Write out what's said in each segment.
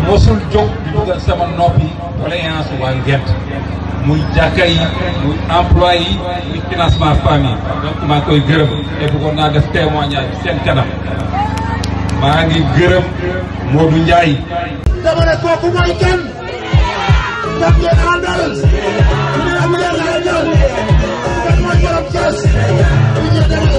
mosul jog di dugal sama noppi doléance wa ngent muy jakay muy employé yi muy financement famille donc ma koy gërëm bu ko na def témoignage sen kanam ma ngi gërëm Modou ndjay dama ne kooku mooy kan daf ngeen àndal ñu ne am ngeen àndal kan mooy borom Thiès ñu ñëw demal.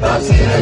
Bouncing it out.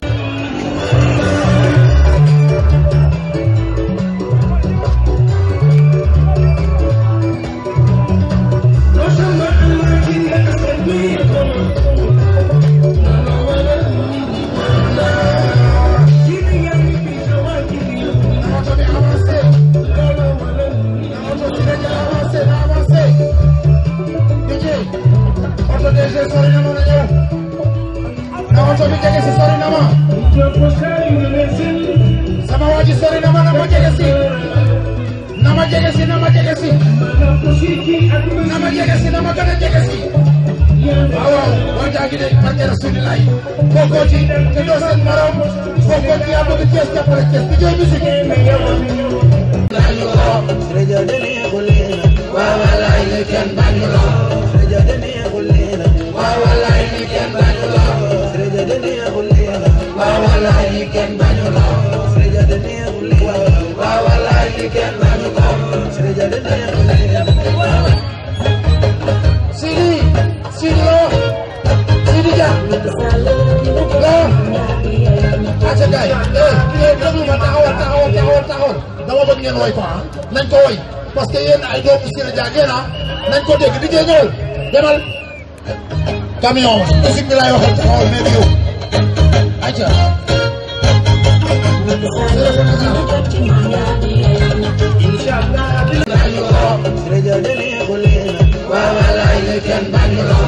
Get back. đây, kay déglu ma taxawal taxawal taxawal taxawal dama bëgg ngeen way ko ah nañ ko way parce que yéen ay doomu Siré Dia ngeen ah nañ ko dégg di jéegal demal camion musique bi laay waxal taxawal mais du yow ayca Siré Dia dene ko leena wa wala ay ken bañu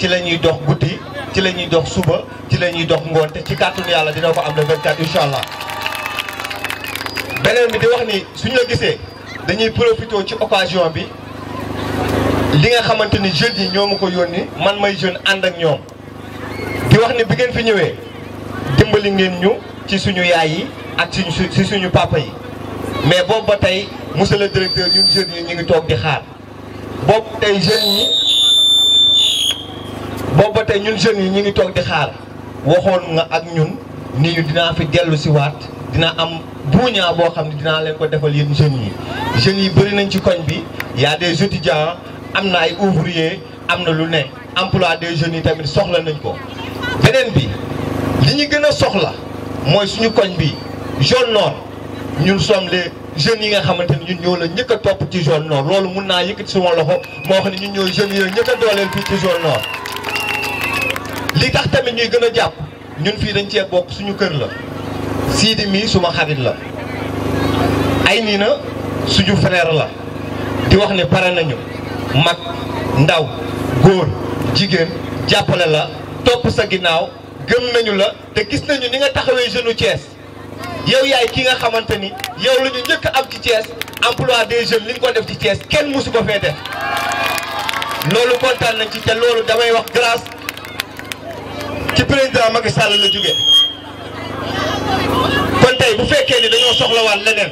ci la ñuy dox guddi ci la ñuy dox suba ci la ñuy dox ngoon te ci kàttanu yàlla dina ko am le 24 incha allah. beneen bi di wax ni suñu la gisee dañuy profité ci occasion bi li nga xamante ni jeunes yi ñoo ma ko yónni man may jeune ànd ak ñoom di wax ni bi ngeen fi ñëwee dimbali ngeen ñu ci suñu yaay yi ak ci suñu papa yi mais boobu ba tey monsieur le directeur ñun jeunes yi ñu ngi toog di xaar boobu tey jeunes yi. boobu ba tey ñun jeunes yi ñu ngi toog di xaar waxoon nga ak ñun nii ñu dinaa fi dellu si waat dina am buuñaa boo xam ne dinaa leen ko defal yéen jeunes yi jeunes yi bëri nañ ci koñ bi y a des étudiants am na ay ouvriers am na lu ne emploi des jeunes yi tamit soxla nañ ko beneen bi li ñu gën a soxla mooy suñu koñ bi zone nord ñun sommes les jeunes yi nga xamante ni ñun ñoo la njëkk a topp ci zone nord loolu mun naa yëkkati suma loxo moo xam ne ñun ñooy jeunes yooyu njëkk fii ci zone nord li tax tamit ñuy gën a jàpp ñun fii dañ cee bokk suñu kër la Sidi mii suma xarit la ay nii na suñu frère la di wax ne pare nañu mag ndaw góor jigéen jàppale la topp sa ginnaaw gëm nañu la te gis nañu ni nga taxawee jeune Thiès yow yaay ki nga xamante ni yow la ñu njëkk am ci Thiès emploi des jeunes li ñu ko def ci Thiès kenn mosu ko fee def loolu kontaan nañ ci te loolu damay wax grâce ci président Macky Sall la jóge kon tey bu fekkee ni dañoo soxlawaat leneen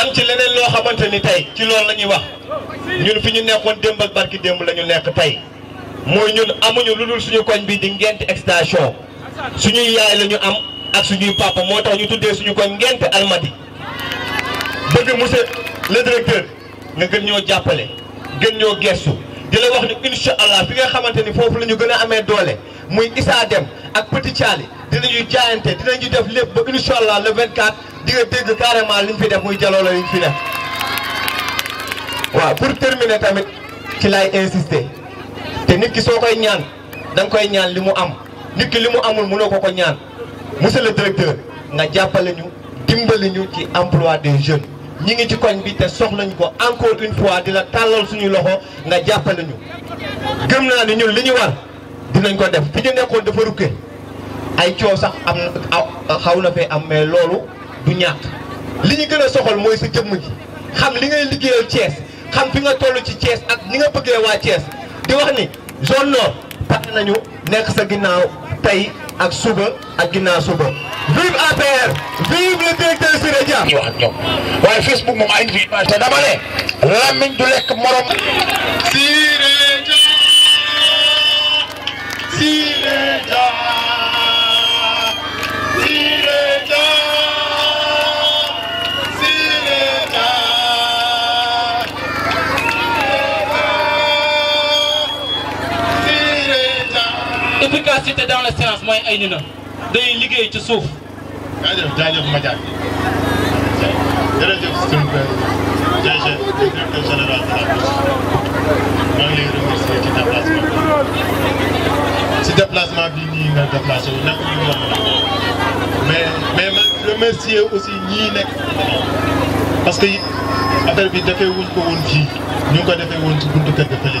am ci leneen loo xamante ni tey ci loolu la ñuy wax ñun fi ñu nekkoon démb ak barki démb lañu nekk tey mooy ñun amuñu lu dul suñu koñ bi di ngent extension suñuy yaay lañu am ak suñuy papa moo tax ñu tuddee suñu koñ ngent almadi que monsieur le directeur nga gën ñoo jàppale gën ñoo gestu di la wax ni incha allah fi nga xamante ni foofu la ñu gën a amee doole muy Issa dem ak Petit Thialy dinañu jaayante dinañu def lépp ba incha le 24 di nga dégg carrément liñ fi def muy jaloolo liñ fi def. pour terminer tamit ci laay insister te nit ki soo koy ñaan danga koy ñaan li mu am nit li mu amul mënoo ko ko ñaan monsieur le directeur nga jàppale ñu dimbali ñu ci emploi des jeunes. ñi ngi ci koñ bi te sox nañu ko encore une fois dina la tàllal suñu loxo nga jàppale ñu gëm naa ni ñun li ñu war dinañ ko def fi ñu nekkoon dafa rukke ay coow sax am na xaw na fee am mais loolu du ñàkk li ñu gën a soxal mooy si jëmm ji xam li ngay liggéeyal Thiès xam fi nga toll ci cees ak ni nga bëggee waa Thiès di wax ni zone nord pare nañu nekk sa ginnaaw tey ak suba ak ginnaaw suba vive APR vive le waaye Facebook moom ay fi te dama ne làmmiñ du morom Siré Dia l'efficacité dans la science mooy ay ni na day liggéey ci suuf. jaajëf jaajëf Madiagne jërëjëf sëñ DG directeur général de la pêche maa ngi lay remercier ci déplacement bi si bi nii nga déplacé wu naka ñu yomb na mais mais ma remercier aussi ñii nekk parce que affaire bi defee wuñ ko ñu ngi ko defee woon ci buntu kër ga fële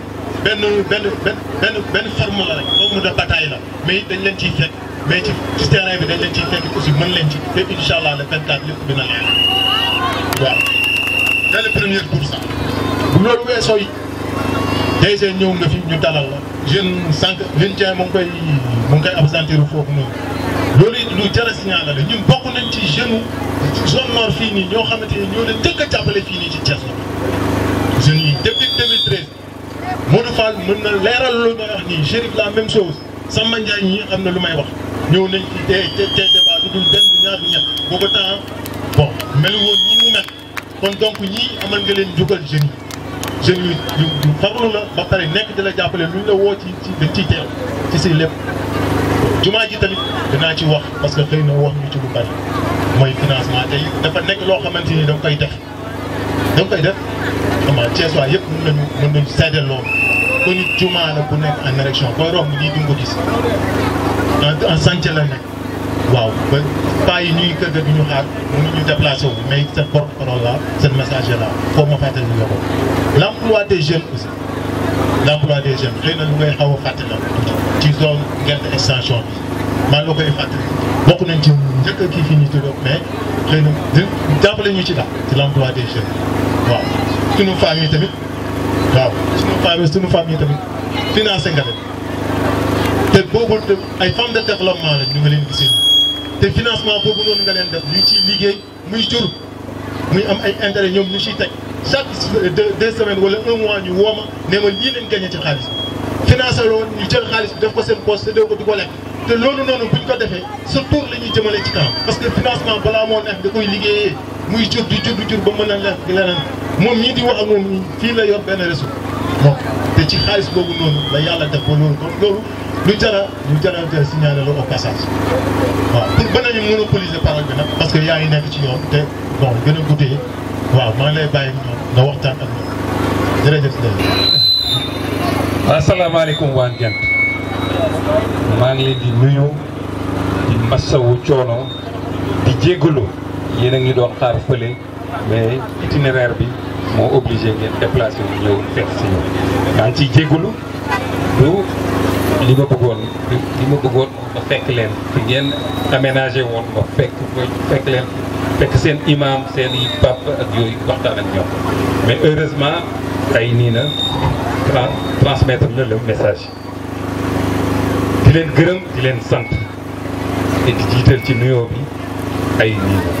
benn benn benn benn forme la rek forme de bataille la mais it dañ leen ciy fekk mais ci ci terrain bi dañ leen ciy fekk aussi mën leen ci te incha allah le 24 lépp dina leer waaw. dès le premier tour sax bu loolu weesoo yi DG ñëw nga fi ñu dalal la jeune sànq jeune Dieng mu koy mu ngi koy absenté foofu noonu loolu it lu jar a signaler la ñun bokk nañ ci jeune zone nord fii nii ñoo xamante ni ñoo leen njëkk a jàppale fii nii ci Thiès la jeunes yi depuis 2013. Modou Fall mën na leeral lu may wax nii Chérif la même chose Samba Ndiaye ñi xam na lu may wax ñëw nañ te tey tey du dul benn du ñaar du ñett booba temps bon melu woon mu mel kon donc ñii amal leen jógal jeunes yi jeunes yi nekk di la jàppale luñ la woo ci ci dañ ciy ci si lépp. jumaa ji tamit danaa ci wax parce que xëy na wax ñu ci lu mooy financement tey dafa nekk loo xamante ni da nga koy def da nga koy def xam yëpp mën nañu mën nañu loolu. kon it jumaa la bu nekk en érection booy romb lii duñ ko gis en santé la nekk waaw ba pas yi ñuy kër bi ñu xaar mënuñu déplacé wu mais seen porte-parole la seen message la foo ma fàttali ñu ko l'emploi des jeunes aussi l'emploi des jeunes na lu ngay xaw a fàttali la ci zone gerte extension bi maa la koy fàttali bokk nañ ci njëkk a kii fii ñu tudd mais xëy na jàppale ñu ci daal ci l'emploi des jeunes waaw suñu waaw suñu femmes suñu femmes yi tamit financé nga leen te boobu ay femmes de développement la ñu nga leen gisee te financement boobu noonu nga leen def ñu ciy liggéey muy jur muy am ay intérêt ñoom ñu ciy teg euh, de deux semaines wala un mois ñu wooma ne ma lii leen gagné ci xaalis financé loon ñu jël xaalis bi def ko seen poste te doo ko du ko lekk te loolu noonu buñ ko defee surtout la ñuy jëmale ci kanam parce que financement balaa moo neex da koy liggéeyee muy jur di jur di jur ba mën a lekk moom ñii di wax ak moom fii la yor benn réseau donc te ci xaalis boobu noonu la yàlla def ba loolu kon loolu lu jara lu jara signaler la au passage waaw pour ba nañu monopoliser parole bi nag parce que yaa ngi nekk ci yoon te bon gën a guddee waaw maa lay bàyyi ñoom nga waxtaan ak ñoom jërëjëf asalaamaaleykum waa Gent maa ngi di nuyu di masawu coono di jégalu yéen a ngi doon xaar fële mais itinéraire bi moo obligé ngeen déplacé wu ñëw fekk si ñoom. maa ngi ciy li ma bëggoon li ma bëggoon ma fekk leen fi ngeen aménagé woon ma fekk fekk leen fekk seen imam seeni i pape ak yooyu waxtaan ak ñoom mais heureusement tey nii na transmettre na le message. di leen gërëm di leen sant te di jiital ci nuyoo bi ay nii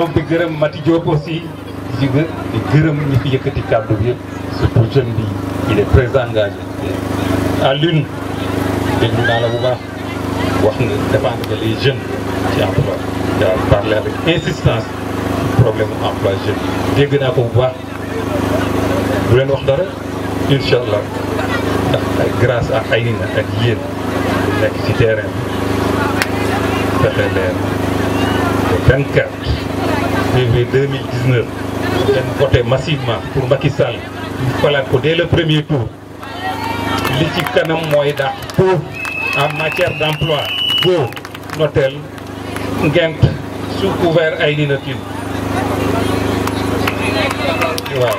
donc di gërëm Mati Diop aussi di gë gërëm ñi fi yëkkati kàddu bi yëpp surtout jeune bi il est très à l'une déglu naa la bu baax wax nga défendre nga les jeunes ci emploi yaa avec insistance problème mu emploi jeune dégg naa ko bu baax bu leen wax dara incha allah ndax ay grâce à Aïna ak yéen nekk ci terrain bi fexe leen 24 2019 ngeen voté massivement pour Macky Sall ñu dès le premier tour li ci kanam moy pour en matière d'emploi go boo notel ngent sous couvert ay ninatine waaw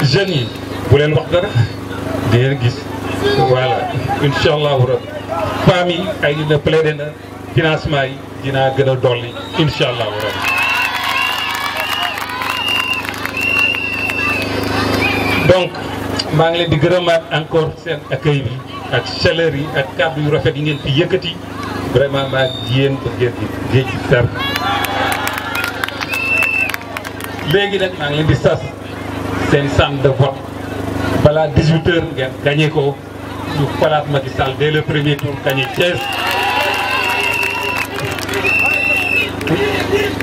vous yi bu leen wax dara gis voilà inchallah vous rabi femmes yi ay financement yi dinaa gën a dolli incha allahu rabbi donc maa ngi leen di gërëmaat encore seen accueil bi ak chaleur yi ak kàddu yu rafet yi ngeen fi yëkkati vraiment maa ngi yéen ba ngeen di géej léegi nag maa ngi leen di sas seen centre de vote balaa 18 heures ngeen gagné ko ñu falaat Macky Sall dès le premier tour gagné Thiès.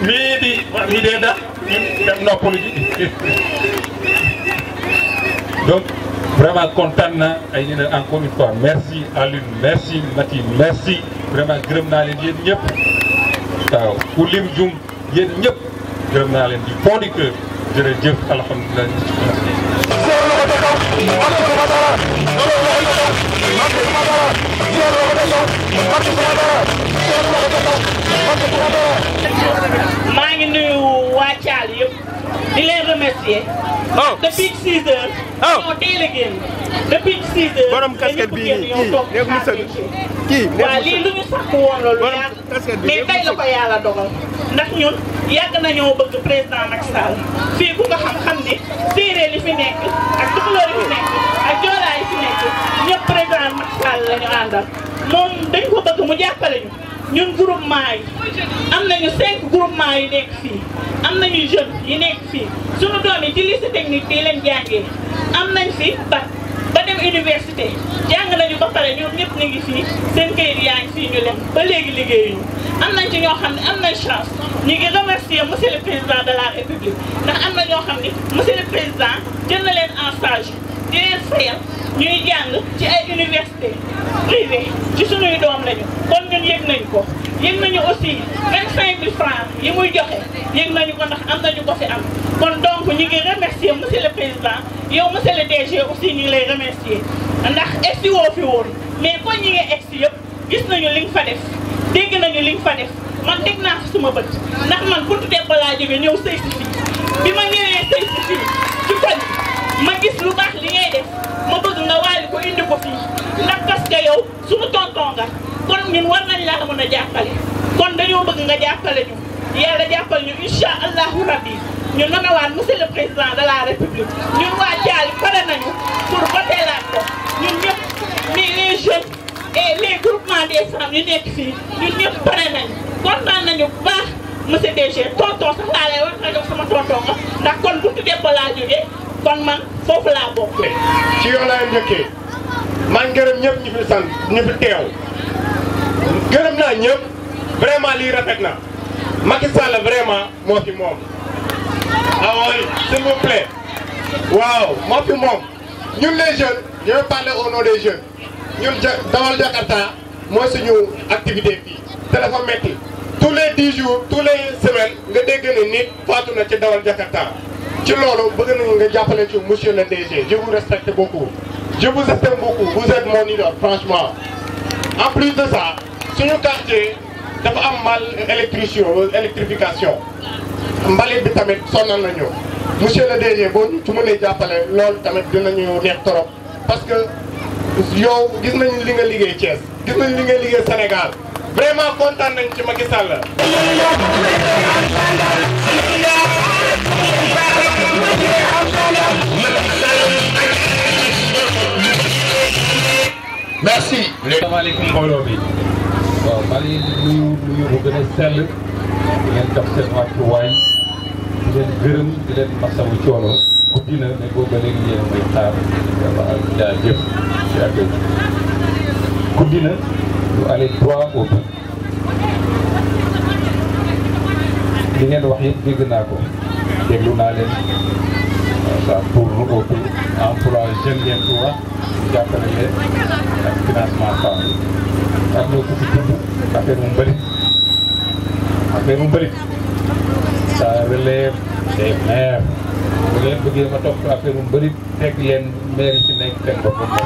miiɗi mi deeda ɗen noppulo jiɗi donc vraiment contanna ayine encore une fois merci alune merci mati merci vraiment gërëm naa leen yéen ñëpp waaw ku lim naa leen di fond du cœur alhamdulilah maa ngi nuyu waa Thial yëpp di leen remercier. oh depuis 6 heures. oh ñoo teel a génn. depuis 6 heures borom casquette bii nii kii kii. waaw lii lu ñu sakku woon loolu. borom casquette bi mais tey la ko yàlla dogal ndax ñun. yàgg nañoo bëgg président Macky Sall fii ku nga xam-xam ni séeréer li fi nekk a tukulóor yi fi nekk ak joolaa yi fi nekk ñëpp président Macky Sall la ñu àndal moom dañ ko bëgg mu jàppale ñu ñun groupement yi am nañu cinq groupement yi nekk fii am ñu jeunes yu nekk fii suñu doom yi ci lycée technique bii leen jàngee am nañ fi bac dem université jàng nañu ba pare ñoom ñëpp ñu ngi fii seen kayit yaa ngi fii ñu dem ba léegi liggéeyuñu am nañ ci ñoo xam ne am nañ chance ñu ngi remercier monsieur le président de la république ndax am na ñoo xam ni monsieur le président jël na leen en charge di leen fayal ñuy jàng ci ay université privée ci suñuy doom lañu yëg nañu aussi 25000 francs yi muy joxe yëg nañu ko ndax am nañu ko fi am kon donc ñu ngi remercier monsieur le président yow monsieur le DG aussi ñu lay remercier ndax egsi woo fi woon mais kon ñi ngi yëpp gis nañu li nga fa def dégg nañu li nga fa def man teg naa fi suma bët ndax man buntu deb balaa jóge ñëw sëy si fii bi ma ñëwee sëy si fii ci koñ ma gis lu baax li ngay def ma bëgg nga waali ko indi ko fii ndax parce que yow suñu tonton kon ñun war nañ laa mën a jàppale kon dañoo bëgg nga jàppale ñu yàlla jàppal ñu incha allahu rabbi ñun nana waan monsieur président de république ñun waa Thiali pare nañu pour voter laat ko ñun ñëpp mais les jeunes et les groupements des femmes yu nekk fii ñun ñëpp pare nañu kontaan nañu bu baax monsieur DG sax laa lay wax nga sama tonton nga ndax kon bu tuddee ba laa jógee kon man foofu laa bokk. ci yow laay njëkkee maa ngi gërëm ñu fi sant ñu fi gërëm naa ñëpp vraiment lii rafet na Macky Sall vraiment moo fi moom. waaw ah s'il vous plaît waaw moo fi moom ñun les jeunes je parler au nom des jeunes ñun ja dawal Jakarta mooy suñu activité fii te dafa metti tous les dix jours tous les semaines nga dégg ne nit faatu na ci dawal Jakarta ci loolu bëgg nañu nga jàppale ci monsieur le DG je vous respecte beaucoup je vous estime beaucoup vous êtes mon idole franchement en plus de ça suñu quartier dafa am mal électricien électrification mbalit bi tamit sonal na monsieur le dernier boo ñu ci mënee jàppale loolu tamit dinañu neex torop parce que yow gis nañ li nga liggéey Thiès gis nañu li nga liggéey Sénégal vraiment content nañ ci Macky Sall. merci. asalaamaaleykum mbooloo bi. Well, Mali is a new, new organized talent. We have Captain Mike Wine. We have Grim, we have Masamu Choro. Kudina, we go to the Indian Waitar. We have a Jeff. We have a Kudina, we have a Dua Obi. Dengan wahid, dia kenal aku. Dia kenal aku. pour auto encourager l'emploi jàppale leen ak financement PAM am na ku fi tudd affaire mu mbëri affaire mu mbëri ça relève des maires bu ngeen bëggee ma topp affaire mu mbëri teg leen maire ci nekk seen bopp nekk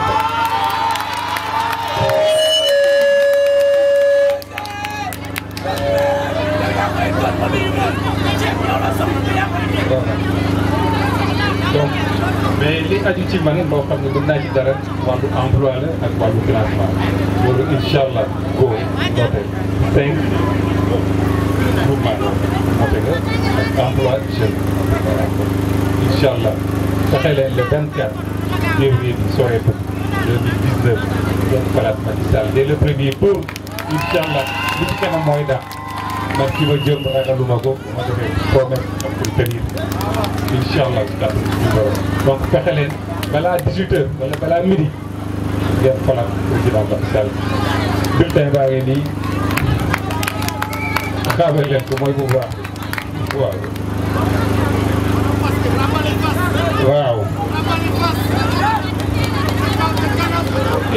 Thank you. donc mais li aju ci man loo xam ne mën naa ci dara wàllu emploi la ak wàllu financement loolu incha allah góor noote cinq groupement noote nga ak emploi jeune voilà incha le 24 février soirée bu 2019 donc Palace Macky dès le premier tour incha allah li ci kanam man ki ma jël ma ragal ma ko ma defee promesse am pour tenir incha allah ci kàttan suñu borom donc fexe leen balaa 18h wala balaa midi ngeen faral président Macky Sall bulletin baa ngi nii xaaral leen ko mooy bu baax waaw. waaw.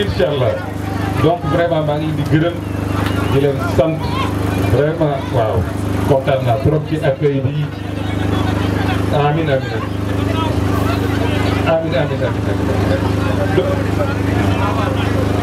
incha allah donc vraiment maa ngi di gërëm di leen sant. vraiment waaw kontaan naa trop ci accueil bi amin amin amin amin amin amin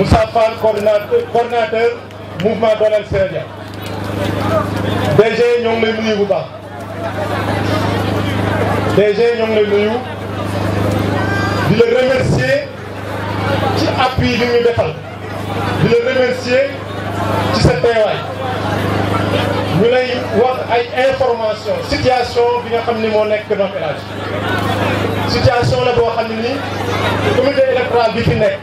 Moussa Fall coordinateur coordinateur mouvement Dolel Sénégal DG ñoo ngi lay nuyu bu baax DG ñoo ngi lay nuyu di la ci appui bi ñu defal di la remercier ci sa teewaay ñu lay wax ay information situation bi nga xam ni moo nekk Nord Élage situation la boo xam ne ni comité électoral bi fi nekk.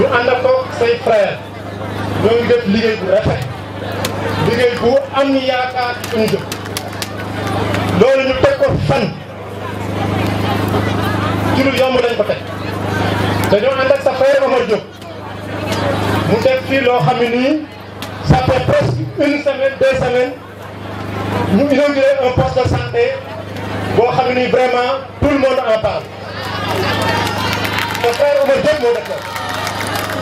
ñu ànd ak say frère ñoo ngi def liggéey bu rafet liggéey bu am yaakaar ci suñu dëkk loolu ñu teg ko fan ci lu yomb lañ ko teg dañoo ànd ak sa frère Omar Diop mu teg fii loo xam ne nii ça fait presque une semaine deux semaines ñu inauguré un poste de santé boo xam ne nii vraiment tout le monde en parle sa frère Omar Diop moo def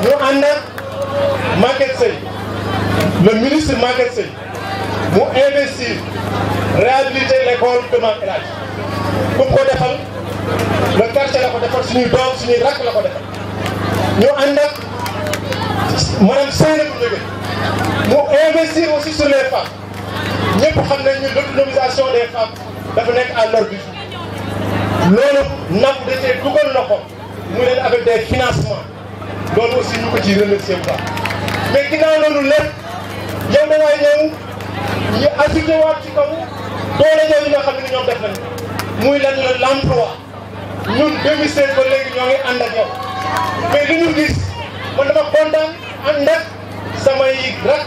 ñu ànd ak Maguette Sèye le ministre Maguette Sèye mu investir réhabiliter l' école de Mame El Hadj ko defal le quartier la ko defal suñuy doom suñuy rakk la ko defal ñu ànd ak maanaam Sèye bu jógee mu investir aussi sur les femmes ñëpp xam ne ñu l'autonomisation des femmes dafa nekk à l'ordre du jour loolu nag da cee dugal na ko mu leen avec des financements loolu aussi ñu ko ci remercier bu baax mais ginnaaw loolu lépp yow da ngay ñëw ñu assuré waat ci kaw doole ñoom ñi nga xam ne ñoom def nañu muy lan la l'emploi ñun 2016 ba léegi ñoo ngi ànd ak yow mais li ñu gis man dama kontaan ànd ak samay rak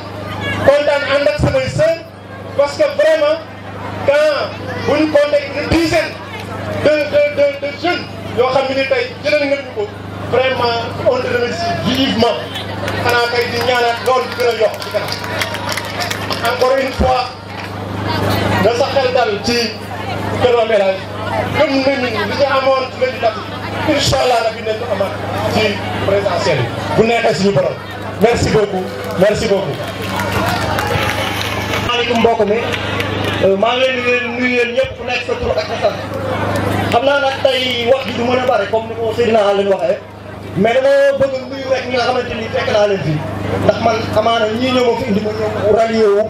kontaan ànd ak samay sœur parce que vraiment quand bu ñu compté une dizaine de de de de jeunes yoo xam ne ni tey jëlal nga ñu ko. vraiment on le remercie vivement xanaa kay di ñaanaat loolu di gën a yokk ci kanam encore une fois na sa xel dal ci kër Mame El Hadj gëm nañu li ñu amoon ci législative incha allah rabi nañ ko amaat ci présidentielle bu nekkee suñu borom merci beaucoup merci beaucoup. maaleykum mbokk mi euh, maa ngi leen di nuyu yéen ñëpp ku nekk sa tur ak sa sant xam naa nag tey wax ji du mën a bare comme ni ko Seydina Alioune waxee. mais dama bëgg nuyu rek ñi nga xamante ni fekk naa leen fii ndax man amaana ñii ñoo ma fi indi ma ñëw rallié wu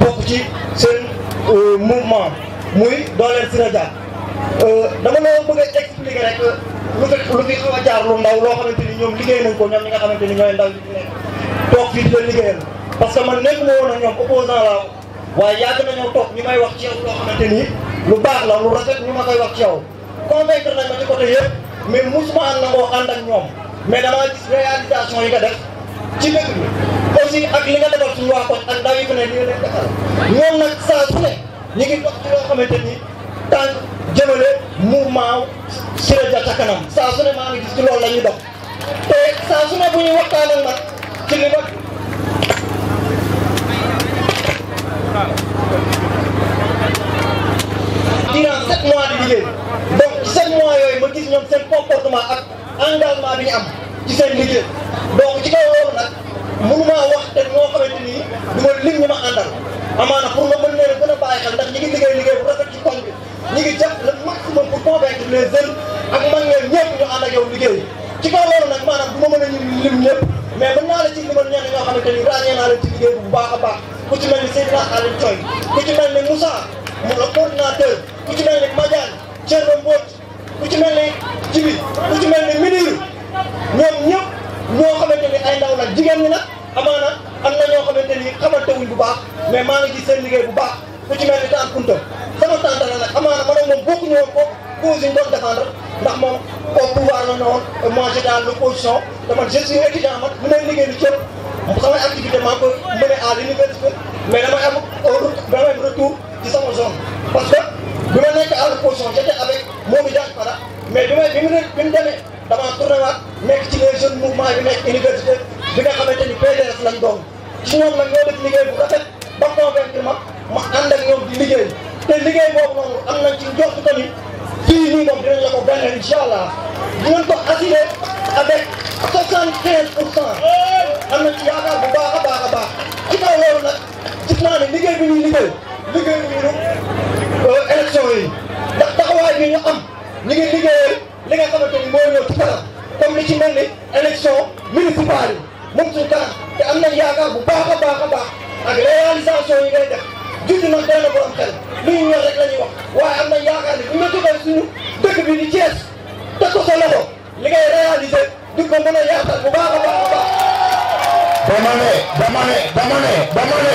bokk ci seen euh, mouvement muy dooleel Siré Dia euh, dama la bëgg a expliquer rek lu fi lu fi xaw a jaar lu ndaw loo xamante ni ñoom liggéey nañ ko ñoom ñi nga xamante ni ñooy ndaw yi fi nekk toog fii di leen liggéeyal parce que man nekk ma woon ak ñoom opposant laa waaye yàgg nañoo toog ñu may wax ci yow loo xamante ni lu baax la lu rafet ñu ma koy wax ci yow convaincre nañ ma ci côté yëpp mais mosuma am nangoo ànd ak ñoom mais damaa gis réalisation yi nga def ci dëkk bi aussi ak li nga defal suñu waa koñ ak ndaw yi fi ne li nga leen defal ñoom nag saa su ne ñu ngi dox ci loo xamante ni tànk jëmale mouvement Siré Dia ca kanam dox te saa su ne bu ñu waxtaan ak nag ci li ma ko défendre ndax moom au pouvoir la ne woon moi j'étais à l'opposition dama je suis étudiant man mu ne liggéey lu ci ëpp samay activité maa ngi koy mené à mais damay am damay am retour ci sama zone parce que bi ma nekk à l'opposition j'étais avec Momi Diagne Fada mais bi may bi mu ne bi mu demee ci les jeunes mouvement bi nekk université bi nga xamante ni PDS lañ doon ci ñoom nag ñoo def liggéey bu rafet ba convaincre ma ma ànd ak ñoom liggéey te liggéey boobu am nañ lii nii def dinañ la ko gagné incha allah di ngeen ko assuré avec 75 pour cent am na ci yaakaar bu baax a baax nag gis naa ne liggéey bi ñuy liggéey liggéey bi ñu euh, élection yi ndax taxawaay bi ñu am ñu ngi liggéeyee li nga xamante ni moo ñëw ci kanam comme li ci mel ni élection municipale yi moom suñu kanam te am nañ yaakaar bu baax a baax a baax ak réalisation yi ngay def gis nañ benn borom xel. lu ñu ñor rek la ñuy wax waaye am nañ yaakaar ne bu ñu la joxee suñu dëkk bi di Thiès teg ko sa loxo li ngay réaliser di ko mën a yaatal bu baax a baax a baax. dama ne dama ne dama ne dama ne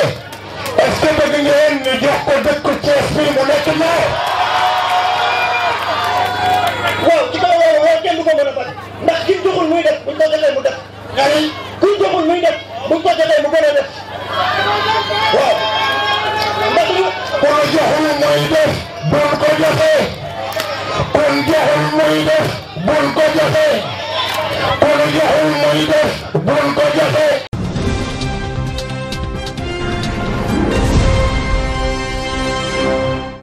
est-ce que bëgg ngeen ñu jox ko dëkk Thiès bi mu nekk maire. waaw ci kaw loolu loolu kenn du ko mën a faj ndax ki joxul muy def bu ñu ko joxee mu def. nga ni ku joxul muy def bu ñu ko joxee mu gën a def waaw. kon joxul muy def bul ko joxe kon joxul muy def bul ko joxe kon joxul muy def bul ko joxe